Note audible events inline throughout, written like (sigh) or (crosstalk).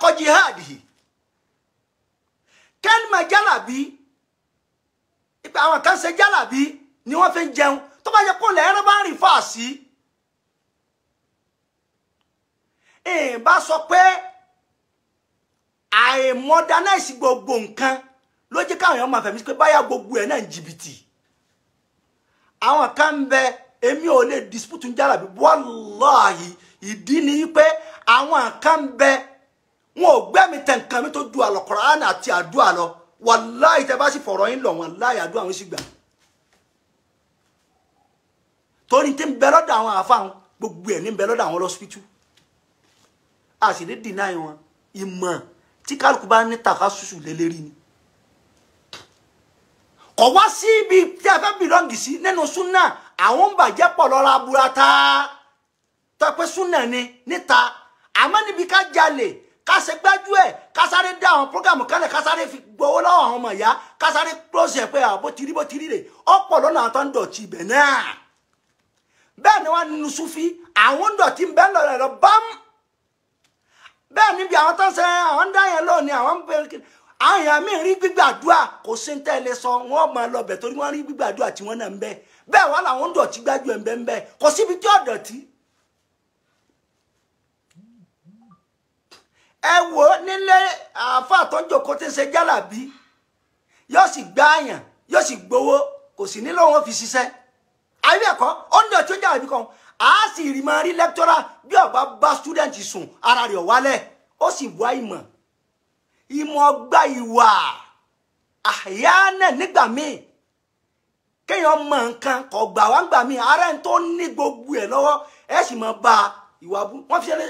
حق جهاده kẹ́lìmọ̀ jálàbí àwọn kan ṣe jálàbí ni wọ́n fi ń jẹun tó bá yẹ kó lẹ̀ ẹran bá ń rìn fà sí. ìbá sọ pé àìmọ́dánáìsì gbogbo nǹkan ló káwọn èèyàn máa fẹ̀mí pé báyà gbogbo ẹ̀ náà ń jìbìtì. àwọn kan ń bẹ èmi ò lè dispute ń jálàbí wàláhì ìdí ni pé àwọn kan ń bẹ wọn ò gbẹ́mi tẹ̀ǹkan mi tó du àlọ́kọ̀rán àti àdúrà lọ wàláì tẹ bá sì fọ̀rọ̀ yín lọ̀ wàláì àdúrà wọn sì gbà torí tí ń bẹ lọ́dọ̀ àwọn àfáwọn gbogbo ẹ̀ ní ń bẹ lọ́dọ̀ àwọn lọ́sípítù a sì lè dìnnà wọn ìmọ̀ tí kálukú bá ní tàkà ṣùṣù lélẹ́rìí ni kọ̀ wá sí ibi tí a fẹ́ bìlọ́ǹgì sí nínú súnà àwọn ń bàjẹ́ pọ̀ lọ́ra burata tọ́pẹ́ súnà ni níta àmọ́ níbi ká jalè ká ṣe gbájú ẹ̀ ká sáré dá àwọn programu kálẹ̀ ká sáré fi gbowó lọ́wọ́ àwọn ọmọ ìyá close ẹ̀ pé àbó tiri bó tiri rè ọ̀pọ̀ lọ́nà àtọ́ ń dọ̀tí ibẹ̀ náà bẹ́ẹ̀ ni wọ́n nínú sufi àwọn ń dọ̀tí ń bẹ́ẹ̀ lọ́rẹ̀ lọ bám bẹ́ẹ̀ níbi àwọn tó ń sẹ́ àwọn ń dá yẹn lónìí àwọn ń bẹ̀rẹ̀ àwọn èèyàn mi rí gbígbàdúrà kò sí ń tẹ́lẹ̀ sọ wọ́n máa lọ bẹ̀ torí wọ́n rí gbígbàdúrà tí wọ́n náà ń bẹ́ bẹ́ẹ̀ wọ́n làwọn ń dọ̀tí gbájú ẹ̀ ń bẹ́ ń bẹ́ kò síbi tí ẹ wo nílé àáfàá tó jókòó tí ń ṣe jálàbí yóò sì gbáàyàn yóò sì gbowó kò sì nílò wọn fi ṣiṣẹ́ àbí ẹ̀kọ́ ó ní ọtí ó jálàbí kan a sì rí máa rí lẹ́kítọ́rà bí ọba bá student sùn ara rẹ̀ wálẹ̀ ó sì wá ìmọ̀ ìmọ̀ ọgbà ìwà àyà náà nígbà míì kéèyàn mọ nǹkan kọ̀ gbà wá ń gbà míì ara ẹni tó ní gbogbo ẹ̀ lọ́wọ́ ẹ̀ sì mọ̀ bá a ìwà bú wọ́n fi ṣe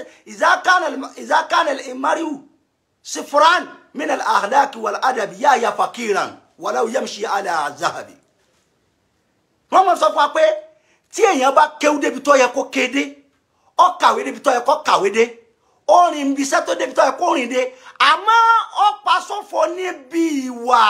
ìzákànnà ìmáríwù sifuran min al-ahlaki wal adabi yá ya fakiran wàlá yamshi ala zahabi. wọ́n mọ̀ sọ fún wa pé tí èèyàn bá kéwú débi tó yẹ kó kéde ó kàwé débi tó yẹ kó kàwé dé ó rìn bí iṣẹ́ tó débi tó yẹ kó rìn dé àmọ́ ó pa sófo níbi ìwà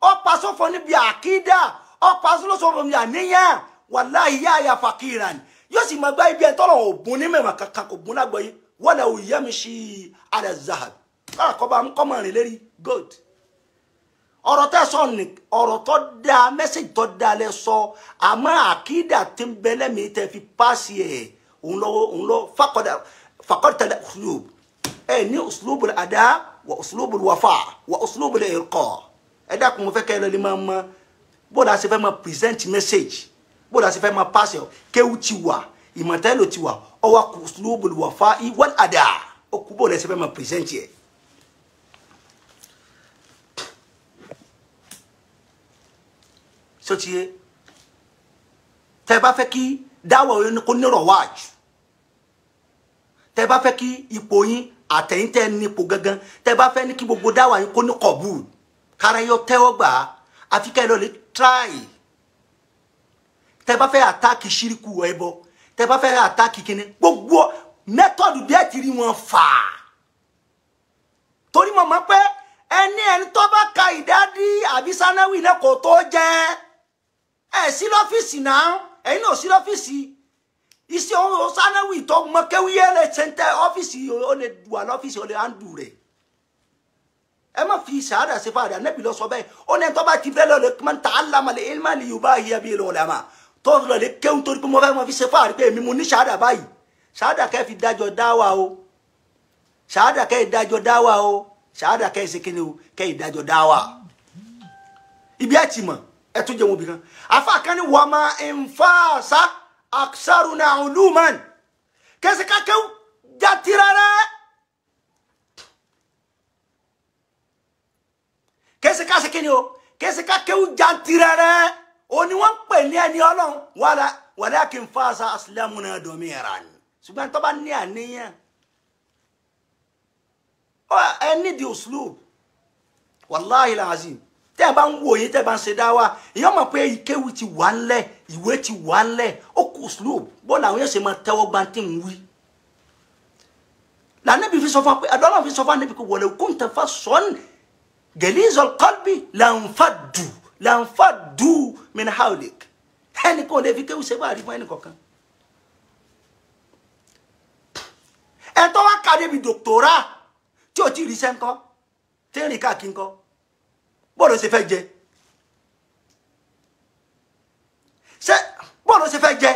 ó pa sófo níbi àkídà ó pa sófo níbi àníyàn wàlá yá ya fakiran yóò sì máa gbá ibi ẹ̀ tọ́lọ̀ ògùn ní mẹ́wàá kankan kò gún lágbọ̀ọ́yé wọ́n lẹ̀ òyìnbó mi ṣe àrẹ zahab káàkọ́ba ń kọ́mọ rìn lérí gold ọ̀rọ̀ tẹ́ sọ ní ọ̀rọ̀ tó dáa mẹ́sẹ̀jì tó dáa lẹ sọ àmọ́ àkídà tí ń bẹ lẹ́mìí tẹ́ fi páàsì ẹ̀ òun lọ òun lọ fakọ̀dà fakọ̀dà uslub ẹ ní uslubul ada wa uslubul wafa wa uslubul irqa ẹ dákun mo fẹ́ kẹ́ lọ́ọ́ ní máa mọ bó dáa ṣe fẹ́ máa present message bóòdà sì fẹ́ máa pàṣẹ kéwù ti wà ìmọ̀tẹ́lò ti wà ọwọ́ kò lóbòlù wà fa ìwọ́n àdá ó kú da sì fẹ́ máa pèsèǹtì ẹ̀. sotie tẹ́ bá fẹ́ kí dáwọ̀ yín kó nírọ̀ wájú tẹ́ bá fẹ́ kí ipò yín àtẹ̀yìntẹ́ nípò gangan tẹ́ bá fẹ́ ní kí gbogbo dáwọ̀ yín kó ní kọ̀bù kára yọ tẹ́wọ́ gbà á àfi lè tíráì tẹ bá fẹ́ àtáàkì ṣíríkù ẹbọ tẹ bá fẹ́ àtáàkì kíní gbogbo mẹ́tọ̀dù díẹ̀ ti rí wọn fà á torí mo mọ̀ pé ẹni ẹni tó bá ka ìdádí àbí sanáwì náà kò tó jẹ ẹ sí lọ́fíìsì náà ẹ̀yin náà sí lọ́fíìsì iṣẹ́ òun sanáwì tó mọ kéwìyé lè ṣe ń tẹ ọ́fíìsì ó lè wà lọ́fíìsì ó lè handù rẹ̀ ẹ má fi sàádà sí fàdà nẹ́bí lọ sọ bẹ́ẹ̀ ó ní ẹni tó bá ti bẹ́ẹ̀ lọ lè máa ń ta alámalẹ̀ ilmá lè yorùbá yíyá bí lọ́ọ̀lẹ́ àmà tó ń lọlé kéwù torí pé mo fẹ́ mọ fi ṣe fáàrí pé èmi mo ní ṣáàdà báyìí ṣáàdà kẹ́ fi dájọ́ dáwà o ṣáàdà kẹ́ ìdájọ́ dáwà o ṣáàdà kẹ́ ìṣe kíni o kẹ́ ìdájọ́ dáwà ibi ẹ̀ tì mọ̀ ẹ̀ tún jẹun obìnrin afa kan ni wàá máa ń fa kẹsì kakẹ́ jatira rẹ̀ kẹsì kakẹ́ o kẹsì kakẹ́ jatira rẹ̀ ó ní wọ́n ń pè ní ẹni ọlọ́run wàlá walakin fasa aslamuna domiran ṣùgbọ́n tó bá ní àníyàn ẹni di uslub wàláhìí làzim tẹ́ ẹ bá ń wò yín tẹ́ ẹ bá ń ṣe dá wa èèyàn mọ̀ pé ìkéwì ti wà ńlẹ̀ ìwé ti wà ńlẹ̀ ó kù uslub bó làwọn yẹn ṣe máa tẹ́wọ́ gba ń wí. lànàbí fi sọ fún pé àdọ́là fi sọ fún wa níbi kò wọlé kúntàfà sọ́ọ́nì gẹ̀lí ìzọ̀kọ́lbì làǹfà dùn lànfà dù mìíràn haulik ẹnìkan ò lè fi kéwù ṣe bá rí fún ẹnìkọ̀ọ̀kan ẹ tó wá kàdé bi dòkítọ́rà doctorat, tu as rí sẹ́ńkọ́ tí ń rìn káàkiri ńkọ́ bọ́ọ̀lù ṣe fẹ́ jẹ ṣe bọ́ọ̀lù ṣe fẹ́ jẹ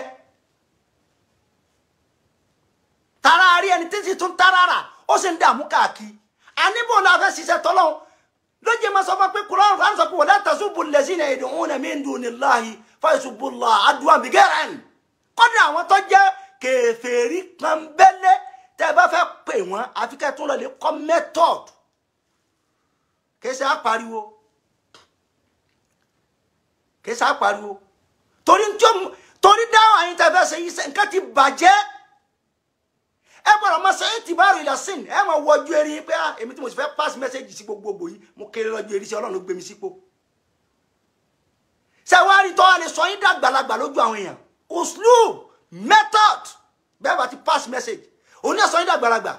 tara rí ẹni Tarara ń sì tún tara rà ó sì ń dààmú káàkiri àníbò la fẹ́ ṣiṣẹ́ tọ́lọ́hún lóye ma sọ fún pé kuran kan sọ pé wala tasubbu allazina yad'una min dunillahi fayasubbu Allah adwan bigairin kọ́dà àwọn tó jẹ́ kèfèrí pọ́nbélé tẹ́ ẹ bá fẹ́ pè wọ́n àfi kẹ́ ẹ tún lọ lè kọ́ method kèsì àpariwo kèsì àpariwo torí dáhùn àyíntẹ́fẹ́ ṣe yí nǹkan ti bàjẹ́ ẹ gbọ́dọ̀ máa ṣe ìtìbárò ìlàsìn ẹ máa wọjú erin pé ah, èmi tí mo sì fẹ́ pass message sí gbogbogbò yìí mo kéré lọ́jọ́ erin sí ọlọ́run gbé mi sípò sẹwárí tó wà lè sọ yín dàgbàlagbà lójú àwọn èèyàn uslub method bẹ́ẹ̀ bá ti pass message òun ní ẹ̀sọ́ yín dàgbàlagbà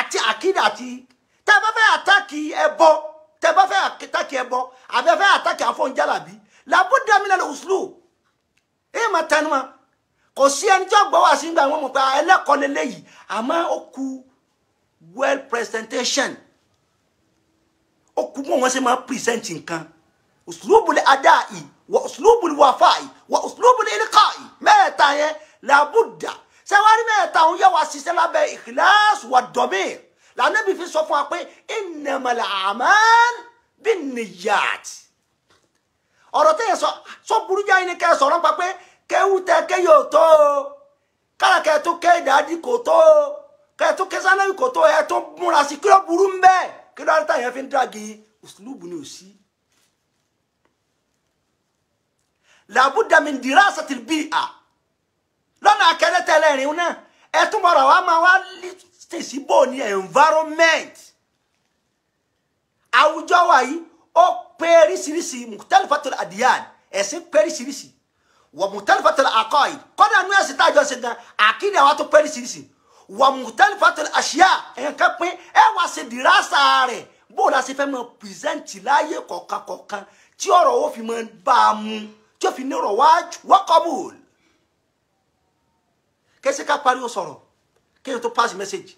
àti àkídà àti tẹ́ bá fẹ́ àtàkì ẹbọ tẹ́ bá fẹ́ àtàkì ẹbọ àbẹ́ fẹ́ àtàkì àfọ̀njálàbí làbúdàmílẹ̀ uslub èèmọ̀ tẹnumọ́ kò sí ẹni tí ọgbọ́n wà sí gbà wọ́n mọ̀ pé ah, ẹlẹ́kọ̀ọ́ lélẹ́yìí àmọ́ ó ku well presentation ó ku mọ́ wọn ṣe máa present nǹkan òṣùlùbùlẹ̀ adáì wọ òṣùlùbùlẹ̀ wàfáì wọ òṣùlùbùlẹ̀ ilkáì mẹ́ẹ̀ta yẹn làbúdà sẹ́wárí mẹ́ẹ̀ta òun yẹ wá ṣiṣẹ́ lábẹ́ ìkìláàsì wà dọ̀míì lànàbí fi sọ fún wa pé innamal a'mal bin niyyat ọ̀rọ̀ tẹ́yẹ sọ sọ burúkú ayé ni kẹ́ sọ̀rọ̀ pa pé kéwú tẹ ké yóò tó o kára kẹ tó ké ìdádì kò tó o kẹ tó ké sanabi kò tó o ẹ tó múra sí kí ló burú ń bẹ kí ló aráta yẹn fi ń dàgé òsínlùbù ni ò sí. làbúdà mi dìrá sàtìlbí à lọ́nà akẹ́lẹ́ tẹ́lẹ̀ rìn náà ẹ tún bọ̀rọ̀ máa wá tèsí bò ní environment àwùjọ wa yìí ó pé oríṣiríṣi mùtẹ́lifátò àdìyàn ẹ̀sìn pé oríṣiríṣi wọ́n mùtẹ́lì fẹ́tẹ̀lẹ̀ àkọ́yì kọ́dà nú ẹ̀sìn tá a jọ ṣe gan àkíní àwọn tó pẹ́ nísìnyìí wọ́n mùtẹ́lì fẹ́tẹ̀lẹ̀ àṣìyà ẹ̀ǹkan pín ẹ̀ wá ṣe dìrásà rẹ̀ bó o la ṣe fẹ́ mọ pìrìsẹ́ǹtì láàyè kọ̀ọ̀kan kọ̀ọ̀kan tí ọ̀rọ̀ wo fi mọ bá a mu tí o fi ní ọ̀rọ̀ wájú wọ́kọ̀mùl kẹsẹ́ ká pariwo sọ̀rọ̀ kéèyàn tó pass message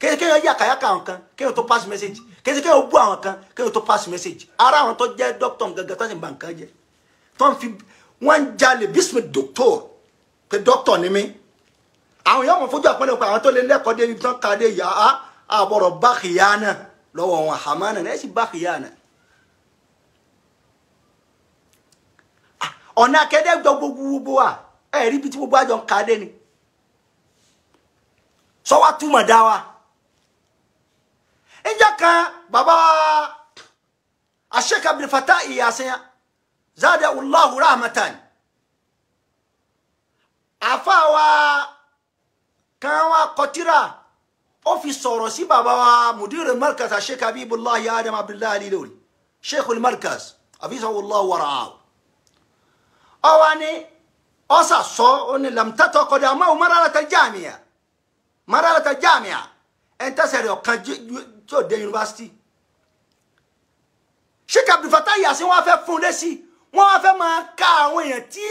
kéèyàn yí àkàyàkà àwọn kan kéèyàn tó pass message kéèyàn bú àwọn kan kéèyàn tó pass message ara àwọn tó jẹ́ dókítà gẹ́gẹ́ tó ń ba nǹkan jẹ́ tó ń fi wọ́n ń jalè bísí dòktòr pé dókítọ̀ ni mí àwọn yóò mọ̀ fojú àpẹẹrẹ pé àwọn tó lè lẹ́kọ̀ọ́ dé ibi tán ká dé yà á àbọ̀rọ̀ bá kìyànà lọ́wọ́ wọn àmánà ẹ̀ sì bá kìyànà. Ah, ọ̀nà akẹ́dẹ́ gbọ́ gbogbo wa ẹ̀ rí ibi tí gbogbo àjọ ń ká dé ni sọ́wọ́ túmọ̀ dá wa. ìjọ kan bàbá aṣèkà bìrìfàtà ìyá sẹ́yìn zada allahu rahmatan àfa wa kan wa kọtira ó fi sọ̀rọ̀ sí bàbá wa mudir markaz a sheikh habibullah adam abdullahi alilori sheikh markaz afisahu allahu waraahu ọ wa ni ọ sà sọ ọ ni lamtatọ kọjá ọmọ maralata jamiya maralata jamiya ẹn tẹsẹrẹ ọkan tí ó sheikh abdulfatah yasin wa fẹ́ fún lẹ́sìn wọ́n wá fẹ́ máa ka àwọn èèyàn tí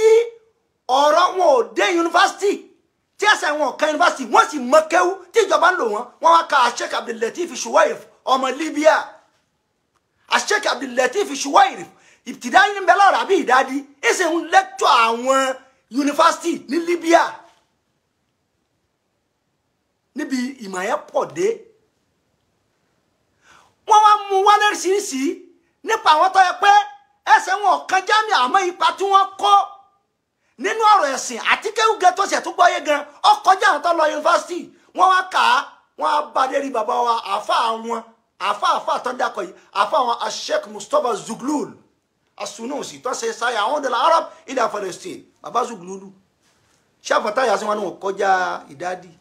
ọ̀rọ̀ wọn ò dé yunifásitì tí ẹsẹ̀ wọn ò ka yunifásitì wọ́n sì mọ kéwú tí ìjọba ń lò wọ́n wọ́n wá ka Sheikh Abdul Latif Shuwaif ọmọ Libya Sheikh Abdul Latif Shuwaif ìtìdáyìn bẹ́ẹ̀ lọ́rọ̀ àbí ìdádí ẹsẹ̀ ń lẹ́tọ̀ àwọn yunifásitì ní Libya níbi ìmọ̀ yẹn pọ̀ dé wọ́n wá mú wálé ṣìṣì nípa àwọn tó yẹ pé ẹsẹ̀ wọn kan jámì àmọ́ ipa tí wọ́n kó nínú ọ̀rọ̀ ẹ̀sìn àti kéwùgẹ́ tó ṣẹ̀ tó gbọ́yé gan ó kọjá àwọn tó lọ yunifásitì wọ́n wá kà á wọ́n á bá dé rí bàbá wa àfa àwọn àfa àfa tó yìí àfa àwọn Sheikh Mustapha Zuglul asunusi tó ṣe sáyà àwọn ọ̀dọ̀ Arab ilẹ̀ Palestine bàbá Zuglulu ṣàfàtà yàtọ̀ wọn wọn kọjá ìdádì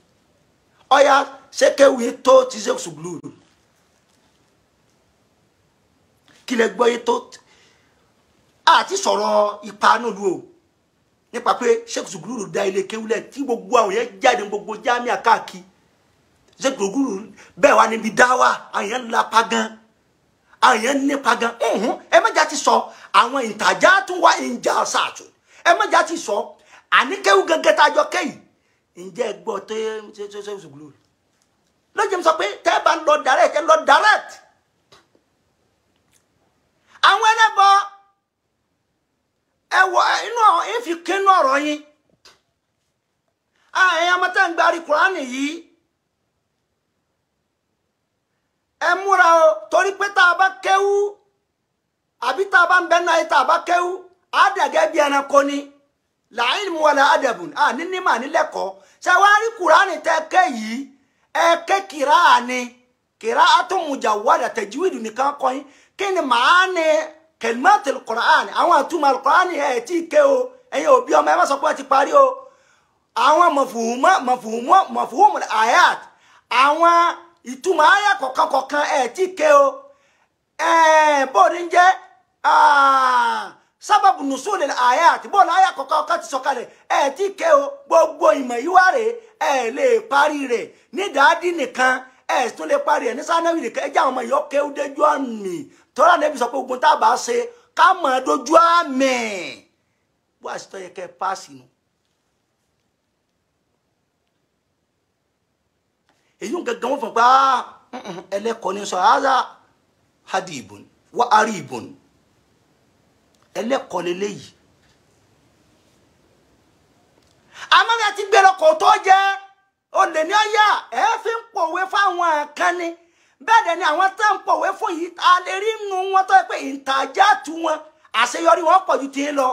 ọ̀yà ṣé kéwù yìí tó ti Sheikh Zuglul kí lẹ gbọ́ yìí tó ti àti sọ̀rọ̀ ìpanúlu o nípa pé sheikh da ilé kéwúlẹ̀ tí gbogbo àwọn yẹn jáde gbogbo jámíà káàkiri sheikh bẹ́ẹ̀ wá níbi dáwà àwọn yẹn lapa gan àwọn yẹn nípa gan ọ̀hún ẹ ti sọ àwọn ìtajà tún wá ìjà ṣáàtù ẹ ti sọ àníkéwú gẹ́gẹ́ tájọ kéyìí ǹjẹ́ gbọ́ tó ṣe lójú mi sọ pé tẹ́ bá lọ dàrẹ́ ẹ̀ lọ dàrẹ́ sọ̀rọ̀ yín àyìn ah, ọmọ tẹ́ ń gbárí kùránì yìí ẹ múra o torí pé tá a bá kéwú àbí tá a bá ń bẹ́ náà tá a bá kéwú á dẹ̀gẹ́ bí ẹranko ni làyìn mu wọlé adẹ̀bùn à ní ní mà ní lẹ́kọ̀ọ́ ṣe wá rí tẹ́ ké yìí ẹ ké kìrá ni kìrá atúmùjà wọ́dà tẹ̀júwìdù nìkan kọ́ yín kí ni màá ní kẹlmẹ́tìl kùránì àwọn àtúmọ̀ kùránì ẹ̀ tí ké o ẹ̀yin òbí ọmọ ẹ má sọ pé ẹ ti parí o àwọn mọ̀fùmọ́ mọ̀fùmọ́ mọ̀fùmọ́ ayat àwọn ìtumọ̀ ayat kọ̀ọ̀kan kọ̀ọ̀kan ẹ̀ tí ké o bóòdì ń jẹ́ sábàbù nùsùlẹ̀ ayat bóòdì ayat kọ̀ọ̀kan ti sọ̀kalẹ̀ ẹ̀ tí ké o gbogbo ìmọ̀ yìí wá rèé ẹ̀ lè parí rẹ̀ nídàádì nìkan ẹ̀ tún lè parí ẹ̀ ní sanáwì nìkan ẹ̀ jẹ́ àwọn ọmọ ìyókè ó déjú àmì tọ́lá nẹ́bí sọ pé ogun tá a bá ṣe ká mọ̀ ẹ́ dojú àmì wá àṣetọ́ yẹ kẹ́ ẹ páàsì nù. èyí ń gẹ́gẹ́ wọ́n fọ̀ pé ẹlẹ́kọ̀ọ́ ni sọ ara hadi ìbọn wá arí ìbọn ẹlẹ́kọ̀ọ́ lélẹ́yìí. amọ́bẹ̀ ti gbé lọkọ̀ tó jẹ́ olè ní ọ̀yà ẹ̀ fi ń pòwe fáwọn kan ni bẹ́ẹ̀ dẹ̀ ni àwọn tẹ́ ń pòwe fún yìí a rí nínú wọn tó yẹ pé ìtajà tu wọn àṣeyọrí wọn pọ̀ ju tiẹ̀ lọ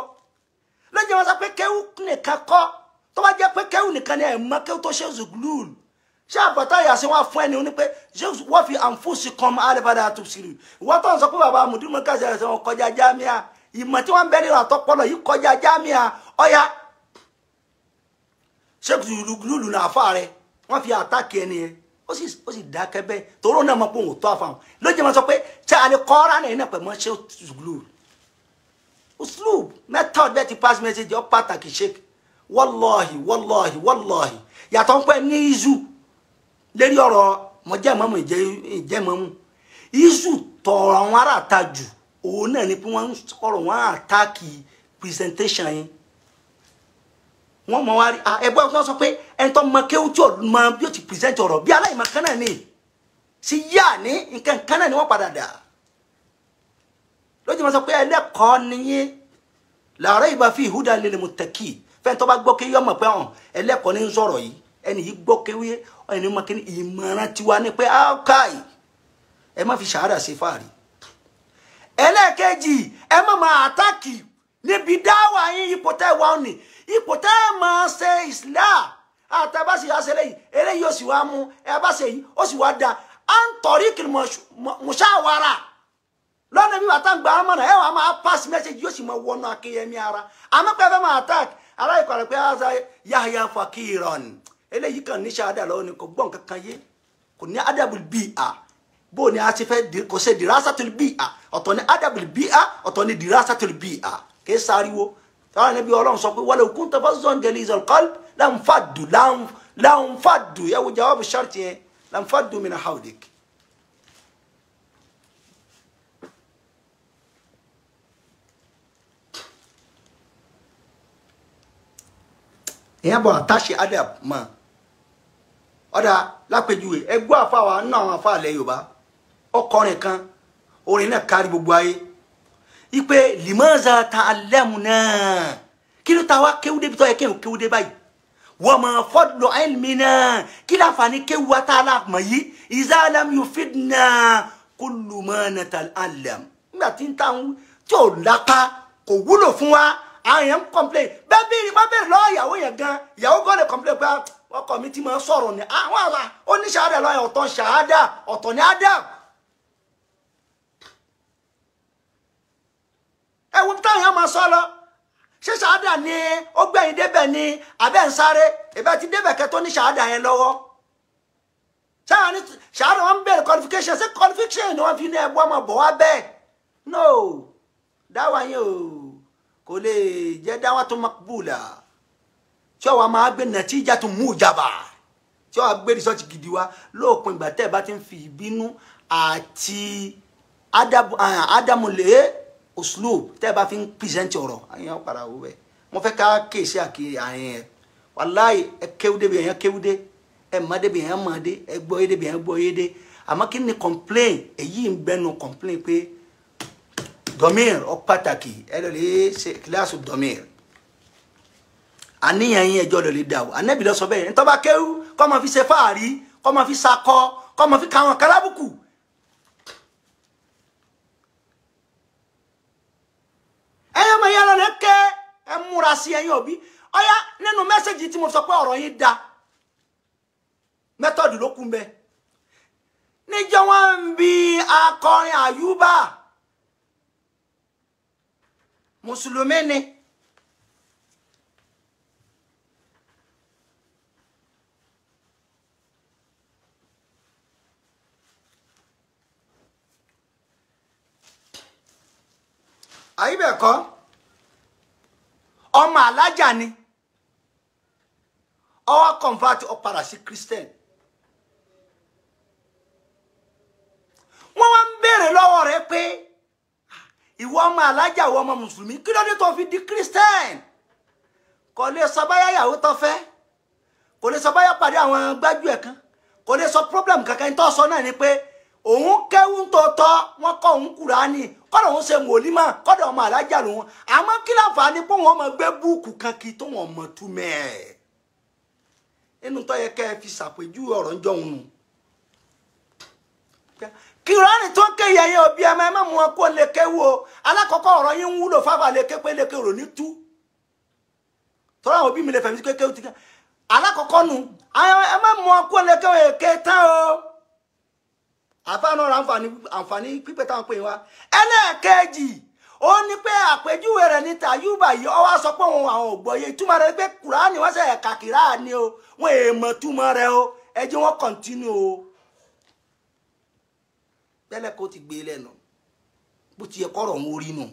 lójú wọn sọ pé kéwù nìkan kọ́ tó bá jẹ́ pé kéwù nìkan ni ẹ̀ mọ́ kéwù tó ṣe zùglùl ṣé àbọ̀tá ìyàsí wọn fún ẹni onípe ṣé wọ́n fi àǹfóòsì kan alẹ́bàdà tó sírù ìwọ́n tó ń sọ pé bàbá mùdúmọ̀ káṣí ẹ̀sẹ̀ wọn kọjá jámíà ìmọ̀ tí wọ́n ń bẹ́rẹ̀ àtọ́pọ̀lọ̀ yìí kọjá jámíà ọ̀yá ṣé lùlù náà fà rẹ wọ́n fi àtàkì ẹni yẹn ó sì ó sì dákẹ́ bẹ́ẹ̀ toró náà mọ̀ pé òun tó àfàwọn lójú ma sọ pé ṣé alẹ́ kọ́ra náà yẹn náà pẹ̀ mọ́ ṣé zùglùl uslub method bẹ́ẹ̀ ti pass message ọ pàtàkì sheik wallahi wallahi wallahi yàtọ̀ ń pẹ́ ní izu lérí ọ̀rọ̀ mọ̀jẹ́mọ́mù ìjẹ́mọ́mù izu tọ̀rọ̀ àwọn ará ta jù òun náà ni pé wọ́n ń sọ̀rọ̀ wọ́n á àtáàkì presentation yẹn wọ́n mọ̀ wá rí ẹgbẹ́ wọn sọ pé ẹni tó mọ kéwú tí ò mọ bí ó ti present ọ̀rọ̀ bí aláìmọ̀ kan náà ni sí yáà ní nǹkan kan náà ni wọ́n padà dà á lójú ma sọ pé ẹlẹ́kọ̀ọ́ nìyẹn làárọ̀ ìbá fi ìhúdà lil muttaqi fẹ́ẹ́ tó bá gbọ́ kéwé ọmọ pé ọ̀hún ẹlẹ́kọ̀ọ́ ní ń sọ̀rọ̀ yìí ẹni yìí gbọ́ kéwé ẹni mọ kí ni ìmọ̀ràn tiwa ni pé ákáì ah, ẹ má fi ṣàárà ṣe fáàrí ẹlẹ́ẹ̀kejì ẹ má máa àtàkì níbi dáwà yín ipò tẹ́ wà ó nì ipò tẹ́ máa ṣe islam àti ẹ bá ṣe eléyìí ó sì wá mú ẹ bá ṣe yìí ó sì wá da à ń tọ̀rí kìlìmọ̀ lọ́nà bí bàtà ń gba amọ̀nà ẹ̀ wà máa pass message yóò sì máa wọnú akínyẹmí ara amọ̀pẹ́ fẹ́ máa attack aláìkọ̀ rẹ̀ pé aza yahya fakiran eléyìí kan ní ṣáadà lọ́wọ́ ni kò gbọ́n kankan yé kò ní adabul bi'a bó ni a ti fẹ́ kò ṣe dirasatul a. ọ̀tọ̀ ni adabul a. ọ̀tọ̀ ni dirasatul a. kì í sáriwo táwọn ẹni bí ọlọ́run sọ pé walaw kunta fazzan galizal qalb lanfaddu lanfaddu yẹ wo jawab sharti yẹn lanfaddu min hawlik èèyàn bọ̀ àtàṣe adab mọ́ ọ̀dà lápèjúwe ẹgbẹ́ àfàwà nínú àwọn àfà ilẹ̀ yorùbá ọkọrin kan orin náà kárí gbogbo ayé ipe limaza ta alẹ́mu náà kí ló ta wá kéwúdé bí tọ́ yẹ kéwú kéwúdé báyìí wọ́n mọ̀ fọ́dùlọ̀ ẹ̀mí náà kí láǹfààní kéwú wa tá a la mọ̀ yìí ìzá alam yóò fi náà kó lùmọ̀ nàta alẹ́mu nígbà tí ń ta tí ò lápá kò wúlò fún wa àwọn èèyàn ń complain bẹ́ẹ̀ bí wọ́n bẹ̀rẹ̀ lọ́wọ́ ìyàwó yẹn gan ìyàwó gan lè complain pé ah, ọkọ mi ti máa sọ̀rọ̀ ni àwọn ah, àlà oníṣàádà lọ́yẹ̀ ọ̀tọ̀ ṣàádà ọ̀tọ̀ ni ádà. ẹ wo táwọn èèyàn máa sọ lọ ṣé ṣàádà ni ó gbẹ̀yìn débẹ̀ ni àbẹ́ ń sáré ìbẹ́ ti débẹ̀ kẹ́ tó ní ṣàádà yẹn lọ́wọ́ sáàni ṣàárà wọn bẹ̀rẹ̀ qualification ṣé qualification ni wọ́n fi ní ẹgbọ́n ọmọ bọ̀ wá bẹ́ẹ̀ no dáwà yín o kò lè jẹ́ dáwàtú makbula tí ọwọ́ máa gbé nàtíjà tó mú ìjàmbá tí ọwọ́ gbé rìsọ́ọ̀tì gidi wa lóòpin ìgbà tẹ́ ẹ bá ti ń fi ìbínú àti ádámùlé uslub tẹ́ ẹ bá fi ń pìsẹ́ǹtì ọ̀rọ̀ àyàn padà wò bẹ́ẹ̀ wọ́n fẹ́ ká kéèsì àkìyè àyàn yẹn wàláì ẹ kéwúdé bí èèyàn kéwúdé ẹ mọ̀dé bí èèyàn mọ̀dé ẹ gbọ́yédé bí èèyàn gbọ́yédé àmọ́ kí ni complain èyí ń bẹnu complain pé domir ó pàtàkì ẹ lọ lè ṣe kíláàsì domir àníyàn yín ẹjọ́ lọ lè dà o ànẹ́bí lọ sọ bẹ́ẹ̀ ní tọ́ba kéwú kọ́ máa fi ṣe fáàrí kọ́ máa fi sakọ kọ́ máa fi kàwọn kálábùkù. ẹyọ ọmọ yẹn lọ́nà kẹ́ ẹ múra sí ẹyin òbí ọyá nínú mẹ́sẹ̀gì tí mo sọ pé ọ̀rọ̀ yín da mẹ́tọ́ọ̀dù ló kún bẹ́ẹ̀ níjọ́ wọn ń bi akọrin àyùbá mùsùlùmí ni àyíbẹ̀kọ́ ọmọ alájà ni ọwọ́ convert ó padà christian wọ́n wá ń béèrè lọ́wọ́ rẹ̀ pé ìwọ ọmọ alájà ìwọ ọmọ mùsùlùmí kí ló dé tó fi di christian kò lè sọ báyà ìyàwó tó fẹ́ kò lè sọ báyà pàdé àwọn gbájú ẹ̀ kan kò lè sọ problem kankan tó sọ náà ni pé òun kéwú tòótọ́ wọn kọ́ òun kúránì kọ́dọ̀ òun ṣe wòlímọ̀ kọ́dọ̀ ọmọ alájà lòun àmọ́ kí láǹfààní pé wọn mọ gbé búùkù kan kí tó wọn mọ túmẹ̀ ẹ̀ inú tó yẹ kẹ́ ẹ fi ṣàpèjú ọ̀rọ̀ ń jọ̀hún nù kìrọ́ọ̀nì tó ń ké yẹyẹ òbí ẹ máa mú wọn kó wo alákọ̀ọ́kọ́ ọ̀rọ̀ yín ń wúlò fábà leke pé leke rò ní tú tọ́lá òbí mi lè fẹ̀mí sí kékeré ti alákọ̀ọ́kọ́ nu mú èké tán o àfáànù ra àǹfààní pípẹ́ táwọn pè wá ẹlẹ́ẹ̀kejì ó ní pé àpèjúwe rẹ̀ yìí sọ pé òun àwọn tẹ́lẹ̀ kó ti gbé lẹ́nu bó ti yẹ kọ́rọ̀ ń orí nù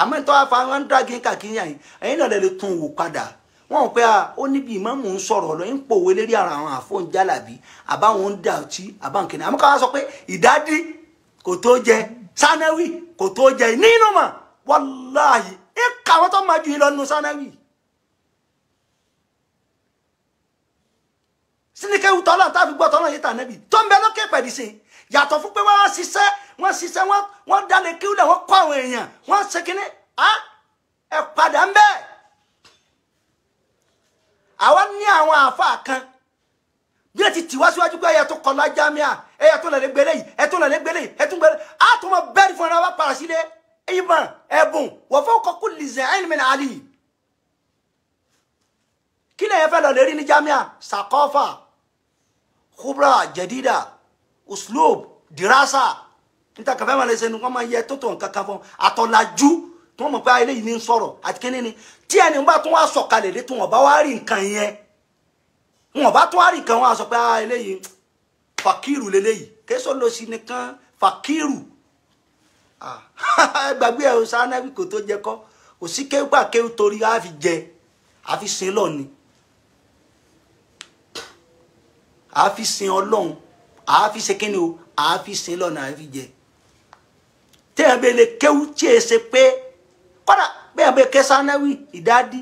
àmọ́ ìtọ́ afáwọn dráàgì ń kàkiri yàn ẹ̀yìn náà lè tún wò padà wọn pẹ́ a ah, ó níbi ìmáàmù ń sọ̀rọ̀ lọ ń pòwe lérí ara àwọn àfọ̀njálàbí àbáwọn ń dà ọtí àbáǹkìnnì àmọ́ káwá sọ pé ìdádí kò tó jẹ sanawi kò tó jẹ nínú mà wàláhì ẹ kà wọ́n tó máa ju yín lọ nínú sanawi. sínú kẹ́wù tọ́lá tá a fi gbọ́ tọ́lá yìí tà nẹ́bi tó ń bẹ lókè pẹ̀lú sí i yàtọ̀ fún pé wọ́n ṣiṣẹ́ wọ́n ṣiṣẹ́ wọ́n dalẹ̀ kí wọ́n kọ́ àwọn èèyàn wọ́n ṣe kínní ẹ padà ń bẹ́ẹ̀. àwa ní àwọn àáfàá kan bí ẹ ti tì wá síwájú pé ẹyẹ tó kọ lájá mìíràn ẹyẹ tó lẹ̀ lé gbélé yìí ẹ tó lẹ̀ lé gbélé yìí ẹ tún gbélé á tó mọ bẹ́ẹ̀rì fún ara wa para sílé ìbọn ẹ̀bùn wọ́n fọ́ kọ́kú lìzẹ̀ ẹ̀yìn mi nà á lì yìí kí fẹ́ lọ lè rí ní jámíà sàkọ́fà kúbra jẹ̀dídà uslub dirasa níta kàfẹ́ máa lẹ́sẹ̀ ni wọ́n máa yẹ tótó nǹkan kan fún àtọ̀làjú tí wọ́n mọ̀ pé eléyìí ní ń sọ̀rọ̀ àti kíní ni tí ẹni bá tún wá sọ̀kalẹ̀ dé tí wọ́n bá wá rí nǹkan yẹn wọ́n bá tún wá rí nǹkan wọn sọ pé ah, eléyìí fàkírù leléyìí késo lọ sí nìkan fàkírù ah, (laughs) gbàgbé ẹ̀ sanabi kò tó jẹ kọ́ kéwà torí a fi jẹ a sin lọ́ọ̀ni a fi sin ọlọ́run àá fi ṣe kíni o àá fi sin lọ́nà àá fi jẹ téèyàn bẹ lè kéwú tí e ṣe pé kódà bẹ́ẹ̀ bẹ ké sanáwì ìdádí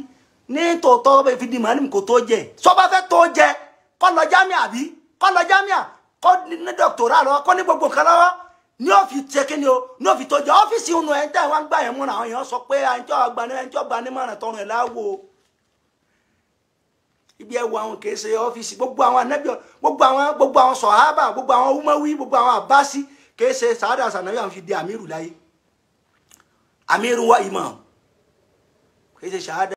ní tòótọ́ bẹ fi di màálùm kò tó jẹ sọba fẹ́ tó jẹ kó lọ jámíà àbí kó lọ jámíà kó ní dọ́kítọ̀rà lọ kó ní gbogbo nǹkan lọ́wọ́ ní ọ̀fíìsì kíni o ní ọ̀fíìsì tó jẹ ọ́fíìsì ònà ẹ̀ ń tẹ̀ wá ń gbà yẹn múra àwọn èèyàn sọ pé àyíntọ́ àgbà ní àyíntọ́ àgbà ní tọrùn ẹ̀ láwọ̀ o ibi ẹwọ àwọn kìí ṣe ọ́fíìsì gbogbo àwọn anábì gbogbo àwọn gbogbo àwọn sọ̀hábà gbogbo àwọn umawi gbogbo àwọn abasi kìí ṣe sàádà sànàbí àwọn fi di àmírù láyé àmírù wa ìmọ̀ kìí ṣe sàádà.